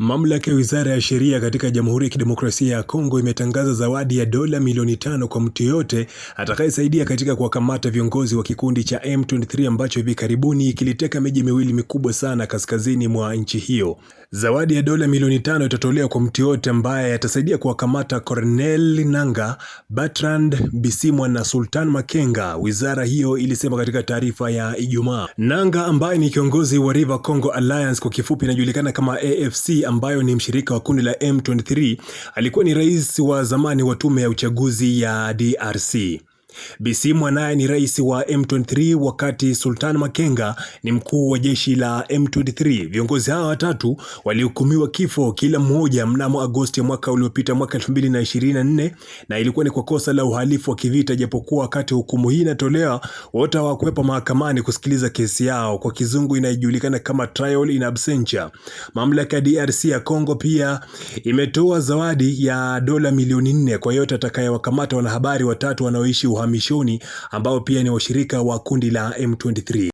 Mamlaka ya Wizara ya Sheria katika Jamhuri ya Kidemokrasia ya Kongo imetangaza zawadi ya dola milioni tano kwa mtu yoyote atakayesaidia katika kuwakamata viongozi wa kikundi cha M23 ambacho hivi karibuni kiliteka miji miwili mikubwa sana kaskazini mwa nchi hiyo. Zawadi ya dola milioni tano itatolewa kwa mtu yoyote ambaye atasaidia kuwakamata Cornel Nanga, Bertrand Bisimwa na Sultan Makenga, wizara hiyo ilisema katika taarifa ya Ijumaa. Nanga ambaye ni kiongozi wa River Congo Alliance, kwa kifupi inajulikana kama AFC, ambayo ni mshirika wa kundi la M23, alikuwa ni rais wa zamani wa tume ya uchaguzi ya DRC. Bisimwa naye ni rais wa M23 wakati Sultan Makenga ni mkuu wa jeshi la M23. Viongozi hawa watatu walihukumiwa kifo kila mmoja mnamo Agosti ya mwaka uliopita mwaka 2024 na ilikuwa ni kwa kosa la uhalifu wa kivita, japokuwa wakati hukumu hii inatolewa wote hawakuwepo mahakamani kusikiliza kesi yao, kwa kizungu inayojulikana kama trial in absentia. Mamlaka ya DRC ya Congo pia imetoa zawadi ya dola milioni nne kwa yote atakayewakamata wanahabari watatu wanaoishi uhamishoni ambao pia ni washirika wa kundi la M23.